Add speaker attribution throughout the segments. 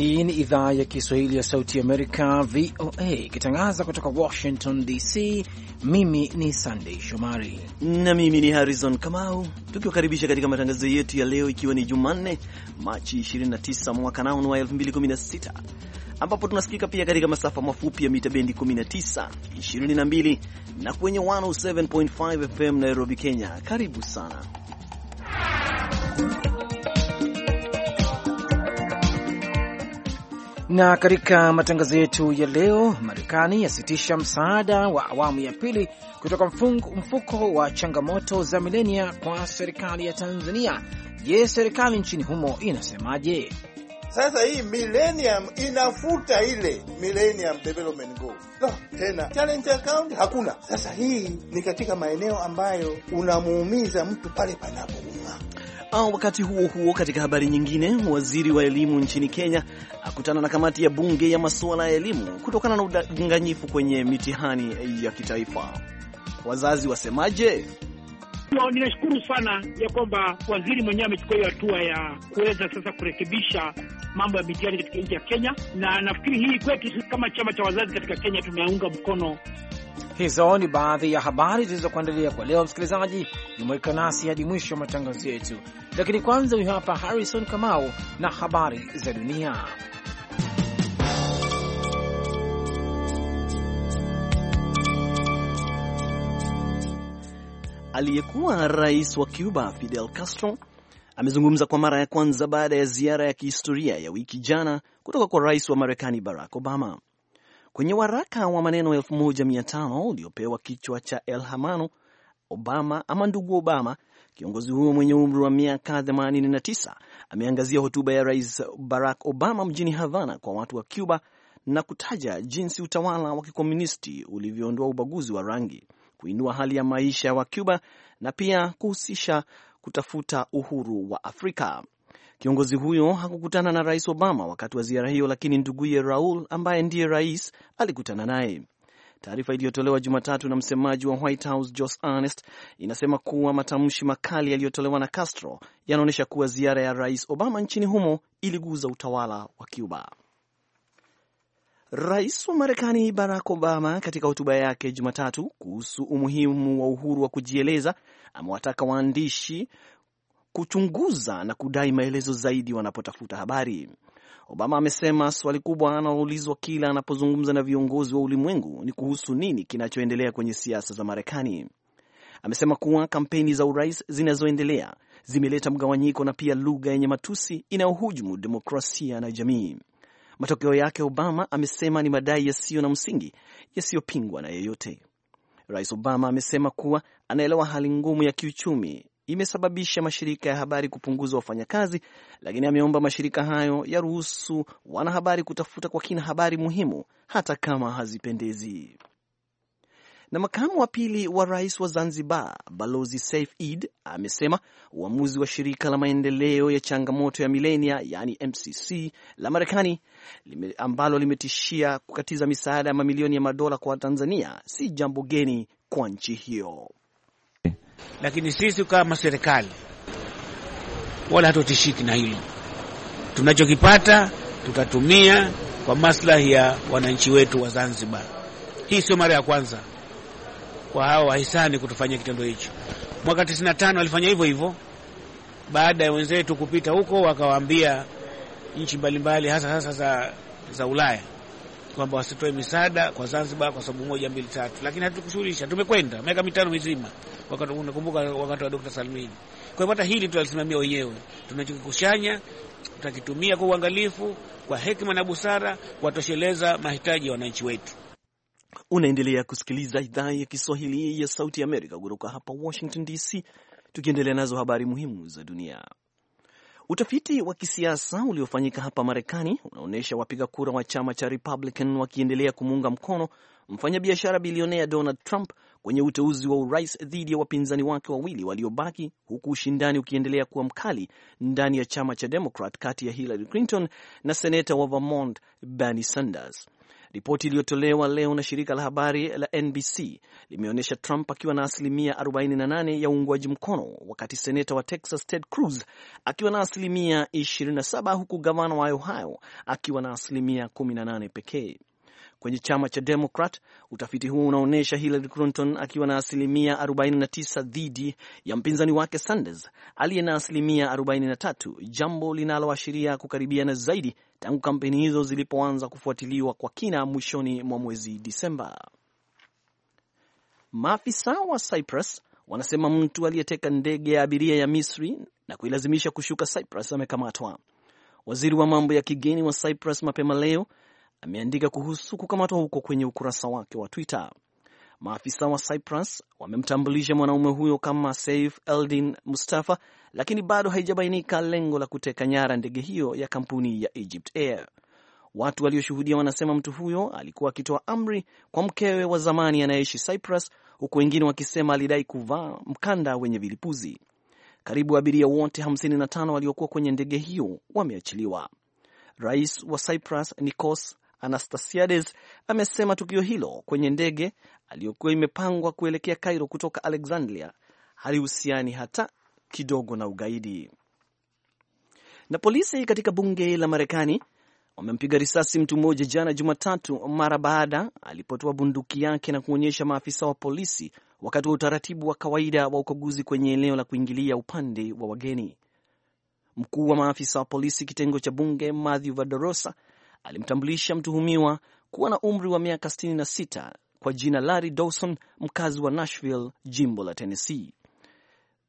Speaker 1: Hii ni idhaa ya Kiswahili ya Sauti Amerika, VOA, ikitangaza kutoka Washington DC. Mimi ni Sandei Shomari na mimi ni Harrison Kamau,
Speaker 2: tukiwakaribisha katika matangazo yetu ya leo, ikiwa ni Jumanne Machi 29 mwaka naunu wa 2016 ambapo tunasikika pia katika masafa mafupi ya mita bendi 19, 22 na kwenye 107.5 FM Nairobi, Kenya. Karibu sana
Speaker 1: Na katika matangazo yetu ya leo, Marekani yasitisha msaada wa awamu ya pili kutoka mfuko wa changamoto za milenia kwa serikali ya Tanzania. Je, serikali nchini humo inasemaje? Sasa hii
Speaker 3: millennium inafuta ile millennium development goal. No, tena challenge account hakuna. Sasa hii ni katika maeneo ambayo unamuumiza mtu pale panapo
Speaker 2: au wakati huo huo, katika habari nyingine, waziri wa elimu nchini Kenya akutana na kamati ya bunge ya masuala ya elimu kutokana na udanganyifu kwenye mitihani ya kitaifa. Wazazi wasemaje? Ninashukuru sana
Speaker 4: ya kwamba waziri mwenyewe amechukua hiyo hatua ya kuweza sasa kurekebisha mambo ya mitihani katika nchi ya Kenya, na nafikiri hii kwetu sisi kama chama cha wazazi katika Kenya tumeunga mkono.
Speaker 1: Hizo ni baadhi ya habari zilizokuandalia kwa leo. Msikilizaji, jumuika nasi hadi mwisho wa matangazo yetu lakini kwanza huyu hapa Harrison Kamau na habari za dunia.
Speaker 2: Aliyekuwa rais wa Cuba Fidel Castro amezungumza kwa mara ya kwanza baada ya ziara ya kihistoria ya wiki jana kutoka kwa rais wa Marekani Barack Obama. Kwenye waraka wa maneno 1500 uliopewa kichwa cha El Hamano Obama ama ndugu Obama, Kiongozi huyo mwenye umri wa miaka 89 ameangazia hotuba ya Rais Barack Obama mjini Havana kwa watu wa Cuba na kutaja jinsi utawala wa kikomunisti ulivyoondoa ubaguzi wa rangi, kuinua hali ya maisha wa Cuba na pia kuhusisha kutafuta uhuru wa Afrika. Kiongozi huyo hakukutana na Rais Obama wakati wa ziara hiyo, lakini nduguye Raul ambaye ndiye rais alikutana naye. Taarifa iliyotolewa Jumatatu na msemaji wa White House Josh Earnest inasema kuwa matamshi makali yaliyotolewa na Castro yanaonyesha kuwa ziara ya Rais Obama nchini humo iliguza utawala wa Cuba. Rais wa Marekani Barack Obama katika hotuba yake Jumatatu kuhusu umuhimu wa uhuru wa kujieleza amewataka waandishi kuchunguza na kudai maelezo zaidi wanapotafuta habari. Obama amesema swali kubwa anaoulizwa kila anapozungumza na viongozi wa ulimwengu ni kuhusu nini kinachoendelea kwenye siasa za Marekani. Amesema kuwa kampeni za urais zinazoendelea zimeleta mgawanyiko na pia lugha yenye matusi inayohujumu demokrasia na jamii. Matokeo yake, Obama amesema ni madai yasiyo na msingi yasiyopingwa na yeyote. Rais Obama amesema kuwa anaelewa hali ngumu ya kiuchumi imesababisha mashirika ya habari kupunguza wafanyakazi, lakini ameomba mashirika hayo yaruhusu wanahabari kutafuta kwa kina habari muhimu hata kama hazipendezi. Na makamu wa pili wa rais wa Zanzibar Balozi Saif Eid amesema uamuzi wa shirika la maendeleo ya changamoto ya milenia yaani MCC la Marekani lime, ambalo limetishia kukatiza misaada ya mamilioni ya madola kwa Tanzania si jambo geni kwa nchi hiyo. Lakini sisi kama serikali
Speaker 4: wala hatutishiki na hilo. Tunachokipata tutatumia kwa maslahi ya wananchi wetu wa Zanzibar. Hii sio mara ya kwanza kwa hawa wahisani kutufanyia kitendo hicho. Mwaka 95 walifanya hivyo hivyo, baada ya wenzetu kupita huko, wakawaambia nchi mbalimbali, hasa hasa za, za Ulaya kwamba wasitoe misaada kwa Zanzibar kwa sababu moja mbili tatu, lakini hatukushughulisha. Tumekwenda miaka mitano mizima wakati unakumbuka wakati wa Dr. Salmini. Kwa hivyo hata hili tutalisimamia wenyewe, tunachokikusanya tutakitumia kwa uangalifu, kwa hekima na busara, kuwatosheleza mahitaji ya wananchi wetu.
Speaker 2: Unaendelea kusikiliza idhaa ya Kiswahili ya Sauti ya Amerika kutoka hapa Washington DC, tukiendelea nazo habari muhimu za dunia. Utafiti wa kisiasa uliofanyika hapa Marekani unaonyesha wapiga kura wa chama cha Republican wakiendelea kumuunga mkono mfanyabiashara bilionea Donald Trump kwenye uteuzi wa urais dhidi ya wapinzani wake wawili waliobaki, huku ushindani ukiendelea kuwa mkali ndani ya chama cha Demokrat kati ya Hillary Clinton na seneta wa Vermont Bernie Sanders. Ripoti iliyotolewa leo na shirika la habari la NBC limeonyesha Trump akiwa na asilimia 48 ya uungwaji mkono, wakati seneta wa Texas Ted Cruz akiwa na asilimia 27, huku gavana wa Ohio akiwa na asilimia 18 pekee kwenye chama cha Democrat. Utafiti huo unaonyesha Hillary Clinton akiwa na asilimia 49 dhidi ya mpinzani wake Sanders aliye na asilimia 43, jambo linaloashiria kukaribiana zaidi tangu kampeni hizo zilipoanza kufuatiliwa kwa kina mwishoni mwa mwezi Disemba. Maafisa wa Cyprus wanasema mtu aliyeteka ndege ya abiria ya Misri na kuilazimisha kushuka Cyprus amekamatwa. Waziri wa mambo ya kigeni wa Cyprus mapema leo ameandika kuhusu kukamatwa huko kwenye ukurasa wake wa Twitter. Maafisa wa Cyprus wamemtambulisha mwanaume huyo kama Saif Eldin Mustafa, lakini bado haijabainika lengo la kuteka nyara ndege hiyo ya kampuni ya Egypt Air. Watu walioshuhudia wanasema mtu huyo alikuwa akitoa amri kwa mkewe wa zamani anayeishi Cyprus, huku wengine wakisema alidai kuvaa mkanda wenye vilipuzi. Karibu abiria wote 55 waliokuwa kwenye ndege hiyo wameachiliwa. Rais wa Cyprus Nikos Anastasiades amesema tukio hilo kwenye ndege aliyokuwa imepangwa kuelekea Cairo kutoka Alexandria halihusiani hata kidogo na ugaidi. Na polisi katika bunge la Marekani wamempiga risasi mtu mmoja jana Jumatatu mara baada alipotoa bunduki yake na kuonyesha maafisa wa polisi wakati wa utaratibu wa kawaida wa ukaguzi kwenye eneo la kuingilia upande wa wageni. Mkuu wa maafisa wa polisi kitengo cha bunge Matthew Vadorosa alimtambulisha mtuhumiwa kuwa na umri wa miaka 66 kwa jina Larry Dawson, mkazi wa Nashville, jimbo la Tennessee.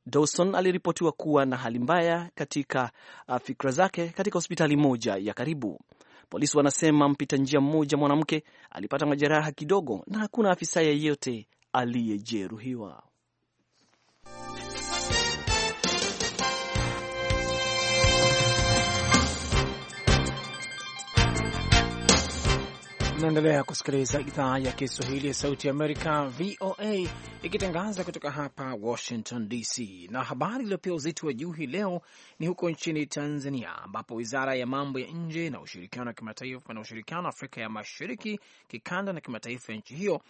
Speaker 2: Dawson aliripotiwa kuwa na hali mbaya katika ah, fikra zake katika hospitali moja ya karibu. Polisi wanasema mpita njia mmoja mwanamke alipata majeraha kidogo na hakuna afisa yeyote aliyejeruhiwa.
Speaker 1: Unaendelea kusikiliza idhaa ya Kiswahili ya Sauti ya Amerika, VOA, ikitangaza kutoka hapa Washington DC. Na habari iliyopewa uzito wa juu hii leo ni huko nchini Tanzania, ambapo wizara ya mambo ya nje na ushirikiano wa kimataifa na ushirikiano wa Afrika ya Mashariki, kikanda na kimataifa ya nchi hiyo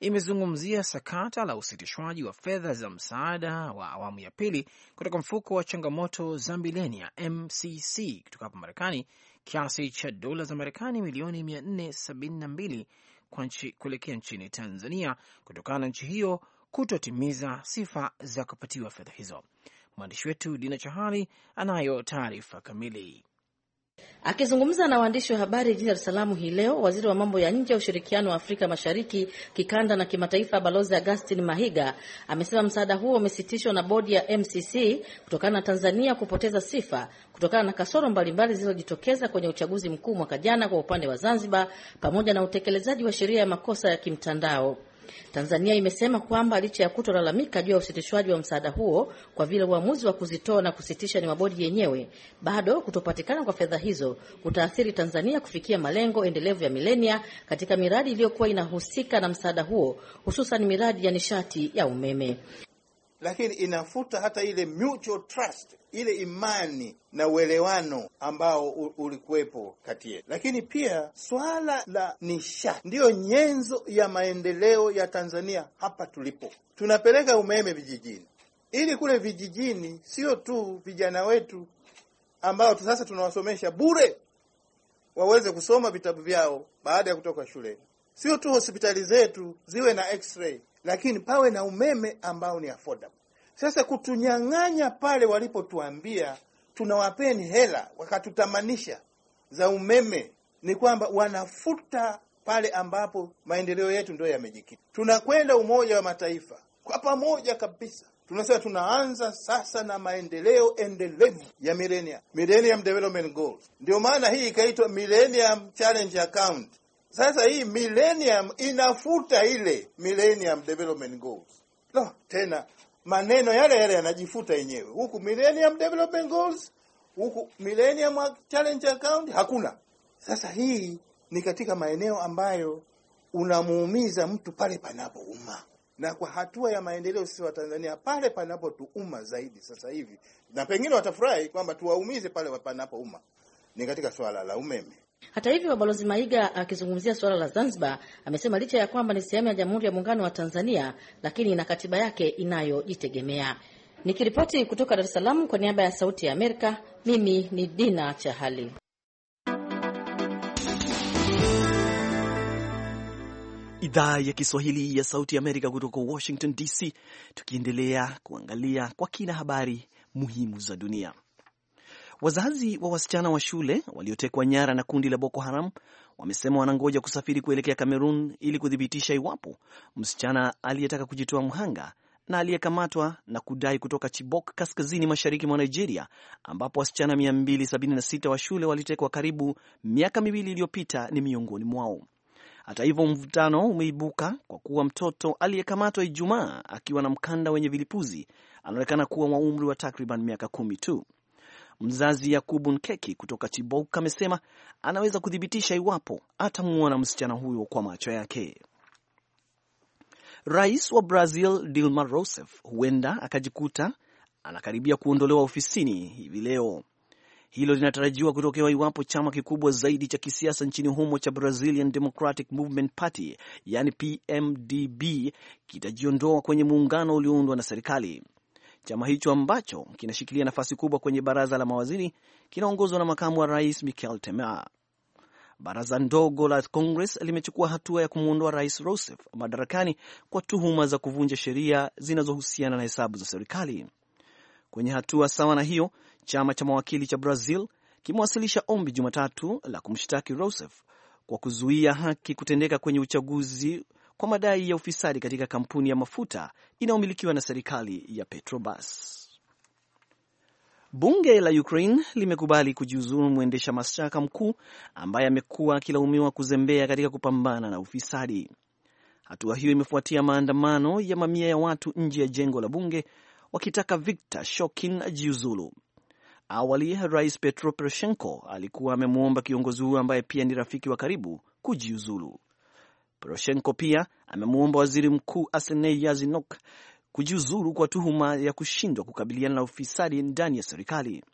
Speaker 1: imezungumzia sakata la usitishwaji wa fedha za msaada wa awamu ya pili kutoka mfuko wa changamoto za milenia MCC kutoka hapa Marekani kiasi cha dola za Marekani milioni 472 kuelekea nchini Tanzania kutokana na nchi hiyo kutotimiza sifa za kupatiwa fedha hizo. Mwandishi wetu Dina Chahali anayo taarifa kamili.
Speaker 5: Akizungumza na waandishi wa habari jijini Dar es Salaam hii leo, waziri wa mambo ya nje ya ushirikiano wa Afrika Mashariki, kikanda na kimataifa, Balozi Augustin Mahiga amesema msaada huo umesitishwa na bodi ya MCC kutokana na Tanzania kupoteza sifa kutokana na kasoro mbalimbali zilizojitokeza kwenye uchaguzi mkuu mwaka jana kwa upande wa Zanzibar, pamoja na utekelezaji wa sheria ya makosa ya kimtandao. Tanzania imesema kwamba licha ya kutolalamika juu ya usitishwaji wa msaada huo kwa vile uamuzi wa kuzitoa na kusitisha ni mabodi yenyewe, bado kutopatikana kwa fedha hizo kutaathiri Tanzania kufikia malengo endelevu ya milenia katika miradi iliyokuwa inahusika na msaada huo, hususan miradi ya nishati ya umeme
Speaker 3: lakini inafuta hata ile mutual trust, ile imani na uelewano ambao ulikuwepo kati yetu. Lakini pia swala la nishati ndiyo nyenzo ya maendeleo ya Tanzania. Hapa tulipo tunapeleka umeme vijijini, ili kule vijijini sio tu vijana wetu ambao sasa tunawasomesha bure waweze kusoma vitabu vyao baada ya kutoka shule, sio tu hospitali zetu ziwe na x-ray lakini pawe na umeme ambao ni affordable. Sasa kutunyang'anya pale walipotuambia tunawapeni hela wakatutamanisha za umeme, ni kwamba wanafuta pale ambapo maendeleo yetu ndio yamejikita. Tunakwenda Umoja wa Mataifa kwa pamoja kabisa, tunasema tunaanza sasa na maendeleo endelevu ya millennium, Millennium Development Goals. Ndio maana hii ikaitwa Millennium Challenge Account sasa hii millennium inafuta ile millennium development goals. No, tena maneno yale yale yanajifuta yenyewe. Huku millennium development goals, huku millennium challenge account hakuna. Sasa hii ni katika maeneo ambayo unamuumiza mtu pale panapouma, na kwa hatua ya maendeleo sisi wa Tanzania pale panapotuuma zaidi sasa hivi, na pengine watafurahi kwamba tuwaumize pale panapouma, ni katika swala la umeme.
Speaker 5: Hata hivyo, Balozi Maiga akizungumzia suala la Zanzibar amesema licha ya kwamba ni sehemu ya Jamhuri ya Muungano wa Tanzania, lakini ina katiba yake inayojitegemea. Nikiripoti kutoka Dar es Salaam kwa niaba ya Sauti ya Amerika, mimi ni Dina Chahali.
Speaker 2: Idhaa ya Kiswahili ya Sauti Amerika kutoka Washington DC, tukiendelea kuangalia kwa kina habari muhimu za dunia. Wazazi wa wasichana wa shule waliotekwa nyara na kundi la Boko Haram wamesema wanangoja kusafiri kuelekea Cameroon ili kuthibitisha iwapo msichana aliyetaka kujitoa mhanga na aliyekamatwa na kudai kutoka Chibok kaskazini mashariki mwa Nigeria ambapo wasichana 276 wa shule walitekwa karibu miaka miwili iliyopita ni miongoni mwao. Hata hivyo, mvutano umeibuka kwa kuwa mtoto aliyekamatwa Ijumaa akiwa na mkanda wenye vilipuzi anaonekana kuwa wa umri wa takriban miaka kumi tu. Mzazi Yakubu Nkeki kutoka Chibok amesema anaweza kuthibitisha iwapo atamuona msichana huyo kwa macho yake. Rais wa Brazil Dilma Rousseff huenda akajikuta anakaribia kuondolewa ofisini hivi leo. Hilo linatarajiwa kutokewa iwapo chama kikubwa zaidi cha kisiasa nchini humo cha Brazilian Democratic Movement Party, yani PMDB, kitajiondoa kwenye muungano ulioundwa na serikali. Chama hicho ambacho kinashikilia nafasi kubwa kwenye baraza la mawaziri kinaongozwa na makamu wa rais Michel Temer. Baraza ndogo la Congress limechukua hatua ya kumwondoa rais Rousseff madarakani kwa tuhuma za kuvunja sheria zinazohusiana na hesabu za serikali. Kwenye hatua sawa na hiyo, chama cha mawakili cha Brazil kimewasilisha ombi Jumatatu la kumshtaki Rousseff kwa kuzuia haki kutendeka kwenye uchaguzi kwa madai ya ufisadi katika kampuni ya mafuta inayomilikiwa na serikali ya Petrobas. Bunge la Ukraine limekubali kujiuzuru mwendesha mashtaka mkuu ambaye amekuwa akilaumiwa kuzembea katika kupambana na ufisadi. Hatua hiyo imefuatia maandamano ya mamia ya watu nje ya jengo la bunge wakitaka Viktor Shokin ajiuzulu. Awali Rais Petro Poroshenko alikuwa amemwomba kiongozi huyo ambaye pia ni rafiki wa karibu kujiuzulu. Poroshenko pia amemwomba waziri mkuu asenei Yazinok kujiuzuru kwa tuhuma ya kushindwa kukabiliana na ufisadi ndani ya serikali.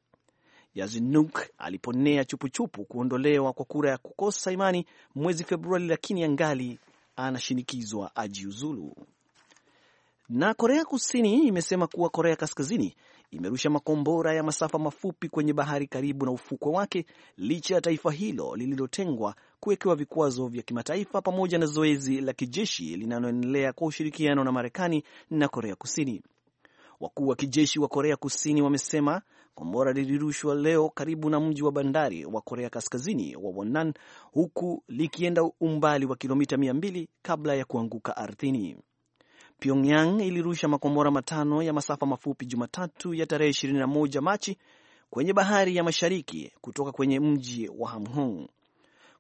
Speaker 2: Yazinuk aliponea chupuchupu kuondolewa kwa kura ya kukosa imani mwezi Februari, lakini angali anashinikizwa ajiuzulu. Na Korea Kusini imesema kuwa Korea Kaskazini imerusha makombora ya masafa mafupi kwenye bahari karibu na ufukwe wake licha ya taifa hilo lililotengwa kuwekewa vikwazo vya kimataifa pamoja na zoezi la kijeshi linaloendelea kwa ushirikiano na Marekani na Korea Kusini. Wakuu wa kijeshi wa Korea Kusini wamesema kombora lilirushwa leo karibu na mji wa bandari wa Korea Kaskazini wa Wonan, huku likienda umbali wa kilomita 200 kabla ya kuanguka ardhini. Pyongyang ilirusha makombora matano ya masafa mafupi Jumatatu ya tarehe 21 Machi kwenye bahari ya mashariki kutoka kwenye mji wa Hamhung.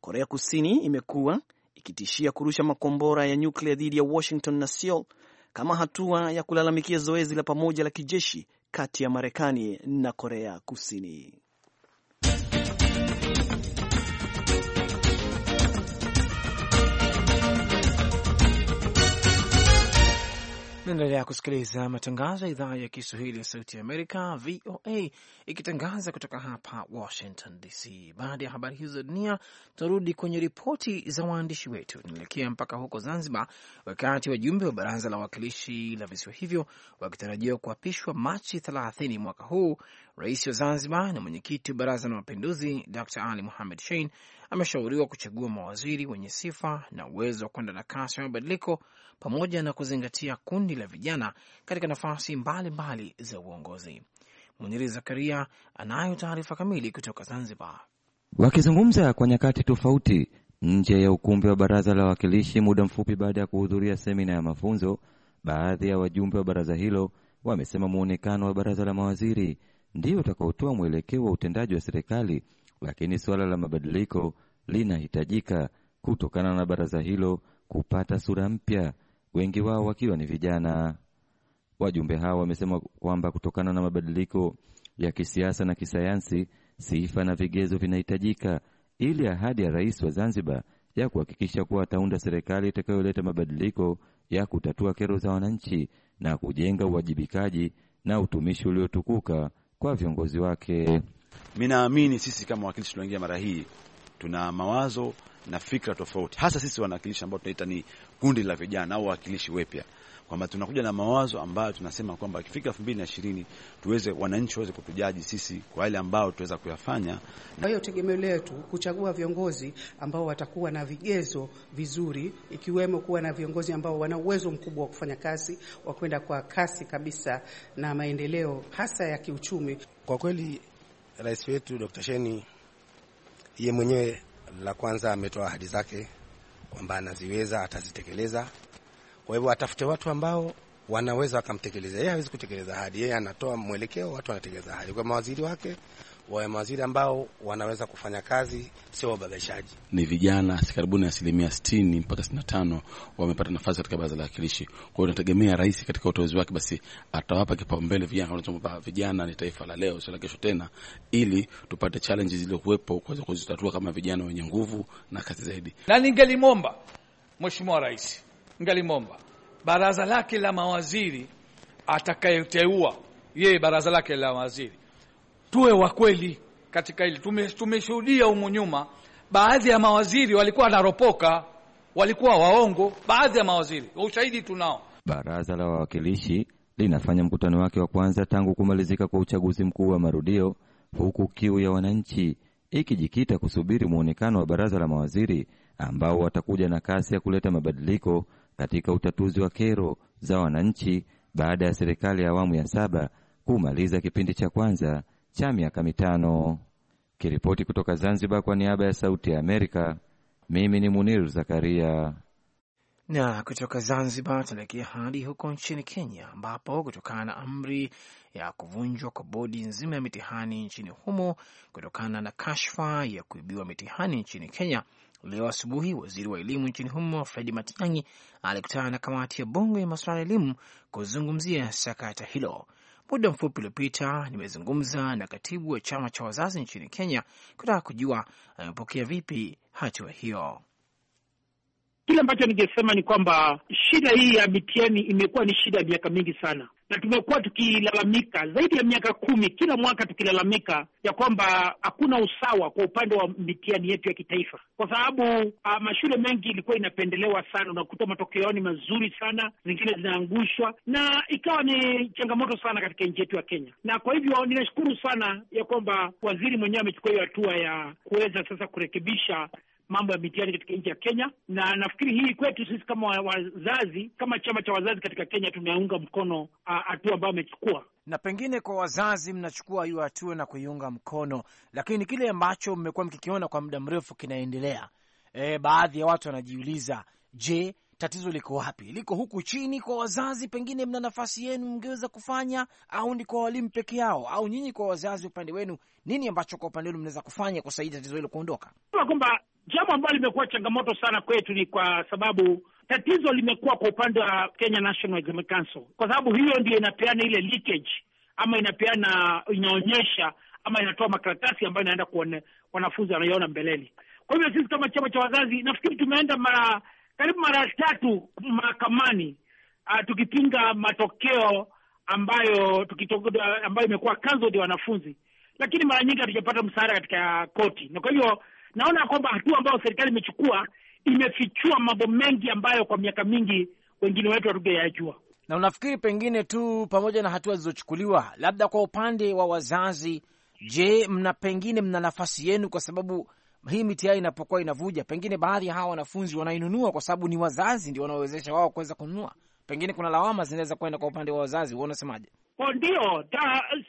Speaker 2: Korea Kusini imekuwa ikitishia kurusha makombora ya nyuklia dhidi ya Washington na Seoul kama hatua ya kulalamikia zoezi la pamoja la kijeshi kati ya Marekani na Korea Kusini.
Speaker 1: Naendelea kusikiliza matangazo ya idhaa ya Kiswahili ya Sauti ya Amerika, VOA, ikitangaza kutoka hapa Washington DC. Baada ya habari hizo za dunia, tunarudi kwenye ripoti za waandishi wetu. Tunaelekea mpaka huko Zanzibar, wakati wajumbe wa Baraza la Wawakilishi la visiwa hivyo wakitarajiwa kuapishwa Machi 30 mwaka huu. Rais wa Zanzibar na mwenyekiti wa Baraza la Mapinduzi Dr Ali muhamed Shein ameshauriwa kuchagua mawaziri wenye sifa na uwezo wa kwenda na kasi ya mabadiliko pamoja na kuzingatia kundi la vijana katika nafasi mbalimbali mbali za uongozi. Muniri Zakaria anayo taarifa kamili kutoka Zanzibar.
Speaker 6: Wakizungumza kwa nyakati tofauti nje ya ukumbi wa Baraza la Wawakilishi muda mfupi baada ya kuhudhuria semina ya mafunzo, baadhi ya wajumbe wa baraza hilo wamesema muonekano wa baraza la mawaziri ndio utakaotoa mwelekeo wa utendaji wa serikali lakini suala la mabadiliko linahitajika kutokana na baraza hilo kupata sura mpya, wengi wao wakiwa ni vijana. Wajumbe hao wamesema kwamba kutokana na mabadiliko ya kisiasa na kisayansi, sifa na vigezo vinahitajika ili ahadi ya rais wa Zanzibar ya kuhakikisha kuwa ataunda serikali itakayoleta mabadiliko ya kutatua kero za wananchi na kujenga uwajibikaji na utumishi uliotukuka kwa viongozi wake
Speaker 3: mi naamini sisi kama wakilishi tunaingia mara hii tuna mawazo na fikra tofauti, hasa sisi wanawakilishi ambao tunaita ni kundi la vijana au wawakilishi wepya, kwamba tunakuja na mawazo ambayo tunasema kwamba ikifika elfu mbili na ishirini tuweze wananchi waweze kutujaji sisi kwa yale ambayo tuweza kuyafanya.
Speaker 5: Kwa hiyo tegemeo letu kuchagua viongozi ambao watakuwa na vigezo vizuri, ikiwemo kuwa na viongozi ambao wana uwezo mkubwa wa kufanya kazi, wa kwenda kwa kasi kabisa na maendeleo hasa ya kiuchumi.
Speaker 3: Kwa kweli Rais wetu Dr. Sheni yeye mwenyewe la kwanza ametoa ahadi zake kwamba anaziweza, atazitekeleza. Kwa hivyo atafute watu ambao wanaweza wakamtekeleza. Yeye hawezi kutekeleza ahadi, yeye anatoa mwelekeo, watu wanatekeleza ahadi, kwa mawaziri wake mawaziri ambao wanaweza kufanya kazi, sio wababaishaji.
Speaker 6: Ni vijana karibuni asilimia 60 mpaka 65 wamepata nafasi katika baraza la wakilishi. Kwa hiyo tunategemea rais katika uteuzi wake basi atawapa kipaumbele vijana, kwamba vijana ni taifa la leo, sio la kesho tena, ili tupate challenges zilizokuwepo kuweza kuzitatua kama vijana wenye
Speaker 3: nguvu na kazi zaidi. Na ningelimomba mheshimiwa rais, ningelimomba baraza lake la mawaziri atakayeteua yeye, baraza lake la mawaziri tuwe wa kweli katika hili. Tumeshuhudia humu nyuma baadhi ya mawaziri walikuwa wanaropoka, walikuwa waongo, baadhi ya mawaziri, ushahidi tunao.
Speaker 6: Baraza la Wawakilishi linafanya mkutano wake wa kwanza tangu kumalizika kwa uchaguzi mkuu wa marudio, huku kiu ya wananchi ikijikita kusubiri muonekano wa baraza la mawaziri ambao watakuja na kasi ya kuleta mabadiliko katika utatuzi wa kero za wananchi baada ya serikali ya awamu ya saba kumaliza kipindi cha kwanza cha miaka mitano. Kiripoti kutoka Zanzibar kwa niaba ya Sauti ya Amerika, mimi ni Munir Zakaria.
Speaker 1: Na kutoka Zanzibar tunaelekea hadi huko nchini Kenya, ambapo kutokana na amri ya kuvunjwa kwa bodi nzima ya mitihani nchini humo kutokana na kashfa ya kuibiwa mitihani nchini Kenya, leo asubuhi waziri wa elimu nchini humo Fredi Matiang'i alikutana na kamati ya bunge ya masuala ya elimu kuzungumzia sakata hilo. Muda mfupi uliopita nimezungumza na katibu wa chama cha wazazi nchini Kenya kutaka kujua eh, amepokea vipi hatua hiyo. Kile ambacho ningesema ni kwamba shida hii ya
Speaker 4: mitihani imekuwa ni shida ya miaka mingi sana na tumekuwa tukilalamika zaidi ya miaka kumi, kila mwaka tukilalamika ya kwamba hakuna usawa kwa upande wa mitihani yetu ya kitaifa, kwa sababu ah, mashule mengi ilikuwa inapendelewa sana, unakuta matokeo ni mazuri sana, zingine zinaangushwa, na ikawa ni changamoto sana katika nchi yetu ya Kenya. Na kwa hivyo ninashukuru sana ya kwamba waziri mwenyewe amechukua hiyo hatua ya kuweza sasa kurekebisha mambo ya mitihani katika nchi ya Kenya, na nafikiri hii kwetu sisi kama wazazi, kama chama cha
Speaker 1: wazazi katika Kenya tumeunga mkono hatua ambayo amechukua, na pengine kwa wazazi mnachukua hiyo hatua na kuiunga mkono, lakini kile ambacho mmekuwa mkikiona kwa muda mrefu kinaendelea, e, baadhi ya watu wanajiuliza, je, tatizo liko wapi? Liko huku chini kwa wazazi? Pengine mna nafasi yenu mngeweza kufanya, au ni kwa walimu peke yao? Au nyinyi kwa wazazi upande wenu, nini ambacho kwa upande wenu mnaweza kufanya kusaidia tatizo hilo kuondoka? Kwamba Jambo ambalo limekuwa changamoto sana kwetu ni kwa sababu tatizo limekuwa kwa upande wa
Speaker 4: Kenya National Exam Council, kwa sababu hiyo ndio inapeana ile leakage ama inapeana, inaonyesha ama inatoa makaratasi ambayo inaenda kuone wanafunzi wanaiona mbeleni. Kwa hivyo sisi kama chama cha wazazi nafikiri tumeenda mara karibu mara tatu mahakamani ah, tukipinga matokeo ambayo tukito, ambayo imekuwa cancelled ya wanafunzi, lakini mara nyingi hatujapata msaada katika koti, na kwa hivyo naona kwamba hatua ambayo serikali imechukua imefichua mambo mengi ambayo kwa miaka mingi wengine wetu
Speaker 1: hatungeyajua. Na unafikiri pengine tu pamoja na hatua zilizochukuliwa, labda kwa upande wa wazazi, je, mna pengine mna nafasi yenu, kwa sababu hii mitihani inapokuwa inavuja, pengine baadhi ya hawa wanafunzi wanainunua kwa sababu ni wazazi ndio wanaowezesha wao kuweza kununua. Pengine kuna lawama zinaweza kwenda kwa upande wa wazazi, unasemaje? Oh, ndio,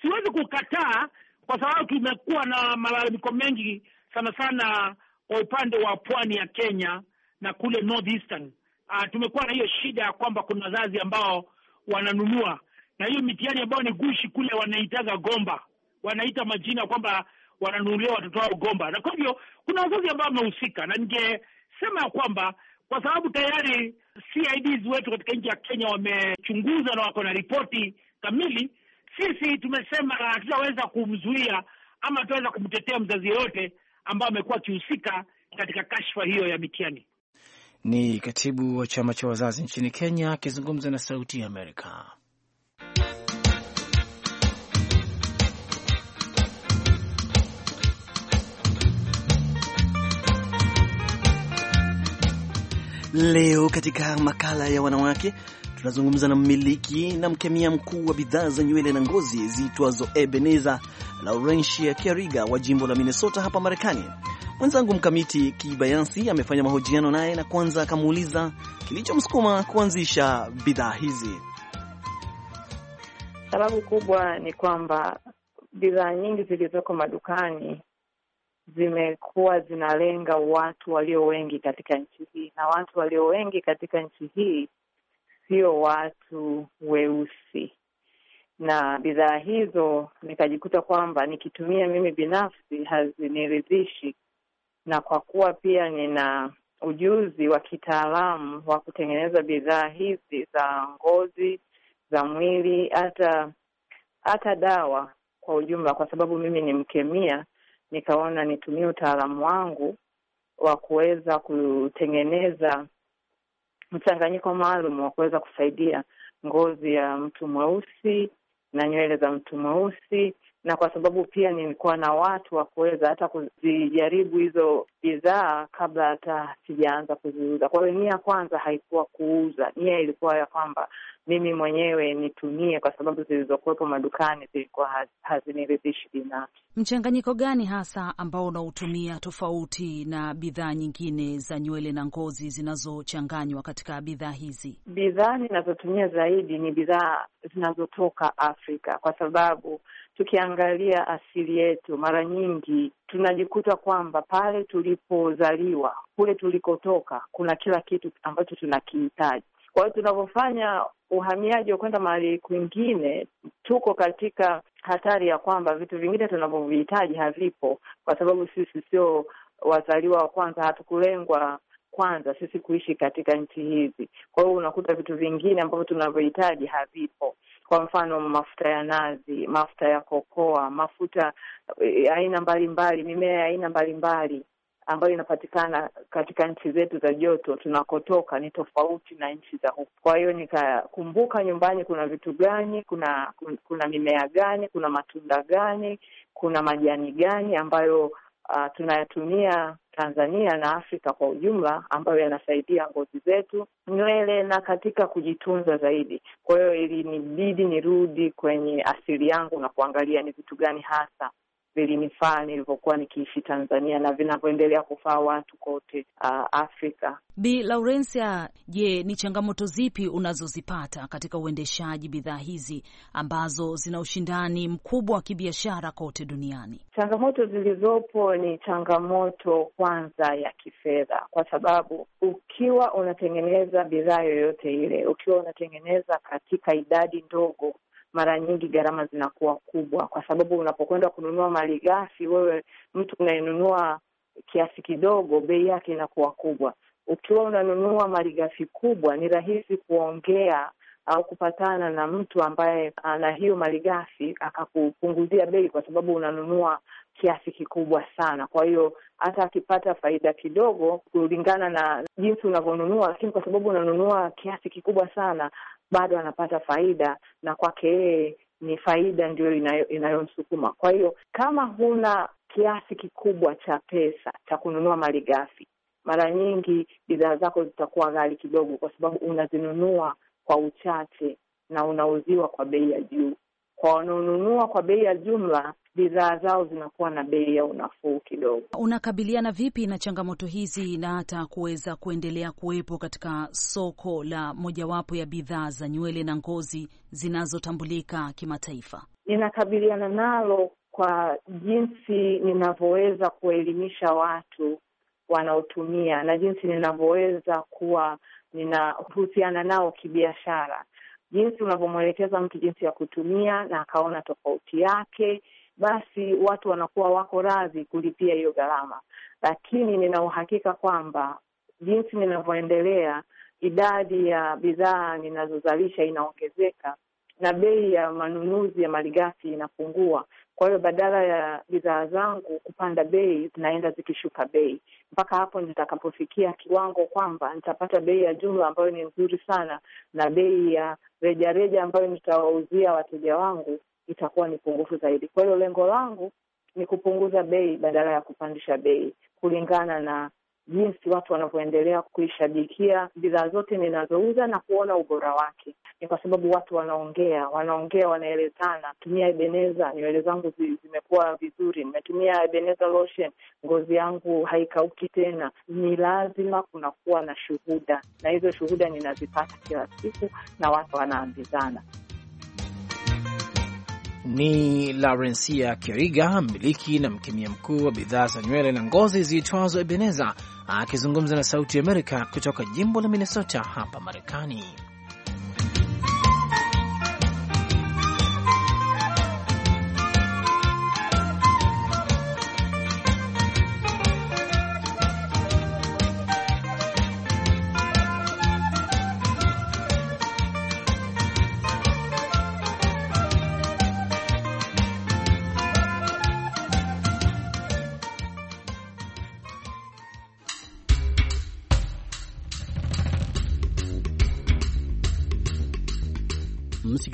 Speaker 1: siwezi
Speaker 4: kukataa, kwa sababu tumekuwa na malalamiko mengi sana sana kwa upande wa pwani ya Kenya na kule northeastern. Uh, tumekuwa na hiyo shida ya kwamba kuna wazazi ambao wananunua na hiyo mitihani ambayo ni gushi kule wanaitaga gomba, wanaita majina kwamba wananunulia watoto wao gomba, na kwa hivyo kuna wazazi ambao wamehusika, na ningesema ya kwamba kwa sababu tayari CIDs wetu katika nchi ya Kenya wamechunguza na wako na ripoti kamili, sisi tumesema hatutaweza kumzuia ama hatutaweza kumtetea mzazi yoyote ambao amekuwa akihusika katika
Speaker 1: kashfa hiyo ya mitihani. Ni katibu wa chama cha wazazi nchini Kenya akizungumza na Sauti ya Amerika.
Speaker 2: Leo katika makala ya wanawake Tunazungumza na mmiliki na mkemia mkuu wa bidhaa za nywele na ngozi ziitwazo Ebeneza Laurentia Kariga wa jimbo la Minnesota hapa Marekani. Mwenzangu mkamiti Kibayansi amefanya mahojiano naye na kwanza akamuuliza kilichomsukuma kuanzisha bidhaa hizi.
Speaker 7: Sababu kubwa ni kwamba bidhaa nyingi zilizoko madukani zimekuwa zinalenga watu walio wengi katika nchi hii, na watu walio wengi katika nchi hii sio watu weusi, na bidhaa hizo nikajikuta kwamba nikitumia mimi binafsi haziniridhishi, na kwa kuwa pia nina ujuzi wa kitaalamu wa kutengeneza bidhaa hizi za ngozi, za mwili, hata hata dawa kwa ujumla, kwa sababu mimi ni mkemia, nikaona nitumie utaalamu wangu wa kuweza kutengeneza mchanganyiko maalum wa kuweza kusaidia ngozi ya mtu mweusi na nywele za mtu mweusi na kwa sababu pia nilikuwa na watu wa kuweza hata kuzijaribu hizo bidhaa kabla hata sijaanza kuziuza. Kwa hiyo nia ya kwanza haikuwa kuuza, nia ilikuwa ya kwamba mimi mwenyewe nitumie, kwa sababu zilizokuwepo madukani zilikuwa haziniridhishi binafsi.
Speaker 5: Mchanganyiko gani hasa ambao unautumia tofauti na bidhaa nyingine za nywele na ngozi zinazochanganywa katika bidhaa hizi?
Speaker 7: Bidhaa ninazotumia zaidi ni bidhaa zinazotoka Afrika kwa sababu tukiangalia asili yetu, mara nyingi tunajikuta kwamba pale tulipozaliwa, kule tulikotoka, kuna kila kitu ambacho tunakihitaji. Kwa hiyo tunapofanya uhamiaji wa kwenda mahali kwingine, tuko katika hatari ya kwamba vitu vingine tunavyovihitaji havipo, kwa sababu sisi sio wazaliwa wa kwanza, hatukulengwa kwanza sisi kuishi katika nchi hizi. Kwa hiyo unakuta vitu vingine ambavyo tunavyohitaji havipo, kwa mfano mafuta ya nazi, mafuta ya kokoa, mafuta e, aina mbalimbali, mimea ya aina mbalimbali ambayo inapatikana katika nchi zetu za joto tunakotoka ni tofauti na nchi za huku. Kwa hiyo nikakumbuka nyumbani kuna vitu gani, kuna kuna mimea gani, kuna matunda gani, kuna majani gani ambayo uh, tunayatumia Tanzania na Afrika kwa ujumla, ambayo yanasaidia ngozi zetu, nywele na katika kujitunza zaidi. Kwa hiyo ilinibidi nirudi kwenye asili yangu na kuangalia ni vitu gani hasa vilinifaa nilivyokuwa nikiishi Tanzania na vinavyoendelea kufaa watu kote uh, Afrika.
Speaker 5: Bi Laurensia, je, ni changamoto zipi unazozipata katika uendeshaji bidhaa hizi ambazo zina ushindani mkubwa wa kibiashara
Speaker 7: kote duniani? Changamoto zilizopo ni changamoto kwanza ya kifedha, kwa sababu ukiwa unatengeneza bidhaa yoyote ile, ukiwa unatengeneza katika idadi ndogo mara nyingi gharama zinakuwa kubwa, kwa sababu unapokwenda kununua mali ghafi, wewe mtu unayenunua kiasi kidogo, bei yake inakuwa kubwa. Ukiwa unanunua mali ghafi kubwa, ni rahisi kuongea au kupatana na mtu ambaye ana hiyo malighafi akakupunguzia bei, kwa sababu unanunua kiasi kikubwa sana. Kwa hiyo hata akipata faida kidogo kulingana na jinsi unavyonunua, lakini kwa sababu unanunua kiasi kikubwa sana, bado anapata faida, na kwake yeye ni faida ndiyo inayomsukuma. Kwa hiyo kama huna kiasi kikubwa cha pesa cha kununua mali ghafi, mara nyingi bidhaa zako zitakuwa ghali kidogo, kwa sababu unazinunua kwa uchache na unauziwa kwa bei ya juu. Kwa wanaonunua kwa bei ya jumla, bidhaa zao zinakuwa na bei ya unafuu kidogo.
Speaker 5: Unakabiliana vipi na changamoto hizi na hata kuweza kuendelea kuwepo katika soko la mojawapo ya bidhaa za nywele na ngozi zinazotambulika kimataifa?
Speaker 7: Ninakabiliana nalo kwa jinsi ninavyoweza kuwaelimisha watu wanaotumia na jinsi ninavyoweza kuwa ninahusiana nao kibiashara, jinsi unavyomwelekeza mtu jinsi ya kutumia na akaona tofauti yake basi watu wanakuwa wako radhi kulipia hiyo gharama, lakini nina uhakika kwamba jinsi ninavyoendelea, idadi ya bidhaa ninazozalisha inaongezeka na bei ya manunuzi ya malighafi inapungua. Kwa hiyo badala ya bidhaa zangu kupanda bei, zinaenda zikishuka bei mpaka hapo nitakapofikia kiwango kwamba nitapata bei ya jumla ambayo ni nzuri sana, na bei ya rejareja ambayo nitawauzia wateja wangu itakuwa ni pungufu zaidi. Kwa hiyo lengo langu ni kupunguza bei badala ya kupandisha bei kulingana na jinsi watu wanavyoendelea kuishabikia bidhaa zote ninazouza na kuona ubora wake. Ni kwa sababu watu wanaongea, wanaongea, wanaelezana. Tumia Ebeneza, nywele zangu zimekuwa vizuri, nimetumia Ebeneza lotion, ngozi yangu haikauki tena. Ni lazima kunakuwa na shuhuda, na hizo shuhuda ninazipata kila siku na watu wanaambizana
Speaker 1: ni Laurencia Kiriga, mmiliki na mkemia mkuu wa bidhaa za nywele na ngozi ziitwazo Ebeneza, akizungumza na Sauti ya Amerika kutoka jimbo la Minnesota hapa Marekani.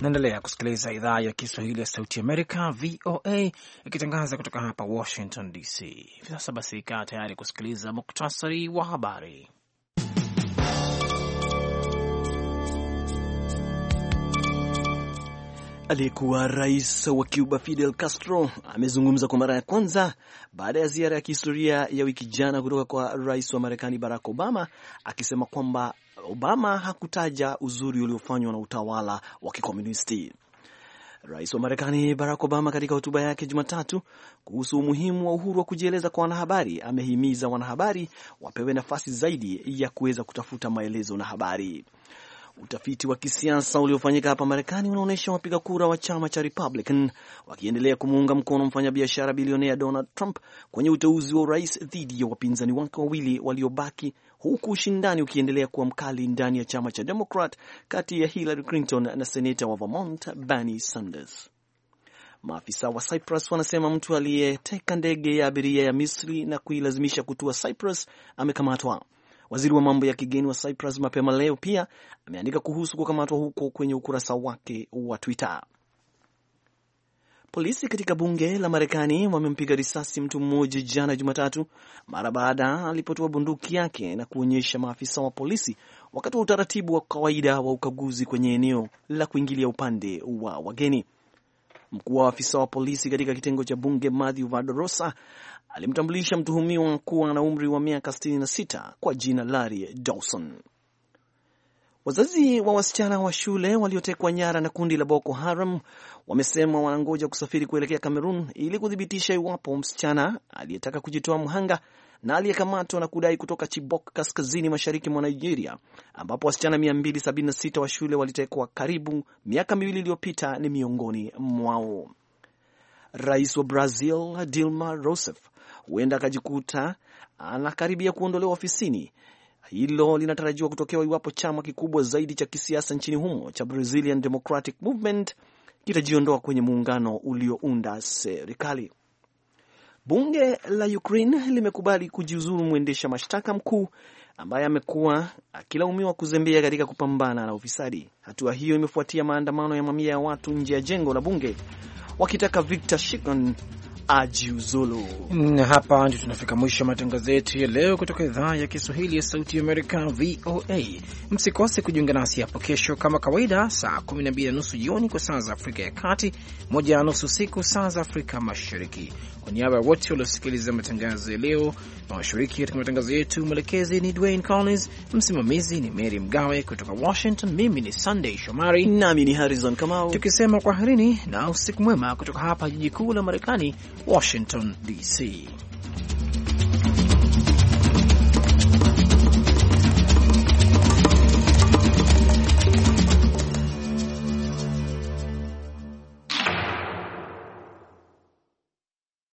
Speaker 1: Naendelea kusikiliza idhaa ya Kiswahili ya Sauti Amerika, VOA, ikitangaza kutoka hapa Washington DC. Hivi sasa basi, ikaa tayari kusikiliza muktasari wa habari.
Speaker 2: Aliyekuwa rais wa Cuba Fidel Castro amezungumza kwa mara ya kwanza baada ya ziara ya kihistoria ya wiki jana kutoka kwa rais wa Marekani Barack Obama, akisema kwamba Obama hakutaja uzuri uliofanywa na utawala wa kikomunisti. Rais wa Marekani Barack Obama katika hotuba yake Jumatatu kuhusu umuhimu wa uhuru wa kujieleza kwa wanahabari amehimiza wanahabari wapewe nafasi zaidi ya kuweza kutafuta maelezo na habari. Utafiti wa kisiasa uliofanyika hapa Marekani unaonyesha wapiga kura wa chama cha Republican wakiendelea kumuunga mkono mfanyabiashara bilionea Donald Trump kwenye uteuzi wa urais dhidi ya wapinzani wake wawili waliobaki, huku ushindani ukiendelea kuwa mkali ndani ya chama cha Democrat kati ya Hillary Clinton na seneta wa Vermont Bernie Sanders. Maafisa wa Cyprus wanasema mtu aliyeteka ndege ya abiria ya Misri na kuilazimisha kutua Cyprus amekamatwa. Waziri wa mambo ya kigeni wa Cyprus mapema leo pia ameandika kuhusu kukamatwa huko kwenye ukurasa wake wa Twitter. Polisi katika bunge la Marekani wamempiga risasi mtu mmoja jana Jumatatu mara baada alipotoa bunduki yake na kuonyesha maafisa wa polisi wakati wa utaratibu wa kawaida wa ukaguzi kwenye eneo la kuingilia upande wa wageni. Mkuu wa afisa wa polisi katika kitengo cha bunge Matthew Vadorosa alimtambulisha mtuhumiwa kuwa na umri wa miaka 66 kwa jina Larry Dawson. Wazazi wa wasichana wa shule waliotekwa nyara na kundi la Boko Haram wamesema wanangoja kusafiri kuelekea Cameroon ili kuthibitisha iwapo msichana aliyetaka kujitoa mhanga na aliyekamatwa na kudai kutoka Chibok kaskazini mashariki mwa Nigeria ambapo wasichana 276 wa shule walitekwa karibu miaka miwili iliyopita ni miongoni mwao. Rais wa Brazil Dilma Rousseff huenda akajikuta anakaribia kuondolewa ofisini. Hilo linatarajiwa kutokewa iwapo chama kikubwa zaidi cha kisiasa nchini humo cha Brazilian Democratic Movement kitajiondoa kwenye muungano uliounda serikali. Bunge la Ukraine limekubali kujiuzuru mwendesha mashtaka mkuu ambaye amekuwa akilaumiwa kuzembea katika kupambana na ufisadi. Hatua hiyo imefuatia
Speaker 1: maandamano ya mamia ya watu nje ya jengo la bunge wakitaka Viktor Shikon ajiuzulu. Na hapa ndio tunafika mwisho wa matangazo yetu ya leo kutoka idhaa ya Kiswahili ya Sauti ya Amerika, VOA. Msikose kujiunga nasi hapo kesho kama kawaida, saa 12 na nusu jioni kwa saa za Afrika ya Kati, moja na nusu usiku saa za Afrika Mashariki. Kwa niaba ya wote waliosikiliza matangazo ya leo na washiriki katika matangazo yetu, mwelekezi ni Dwayne Collins, msimamizi ni Mary Mgawe kutoka Washington. Mimi ni Sunday Shomari nami ni Harrison Kamau, tukisema kwaherini na usiku mwema kutoka hapa jiji kuu la Marekani, Washington, D.C.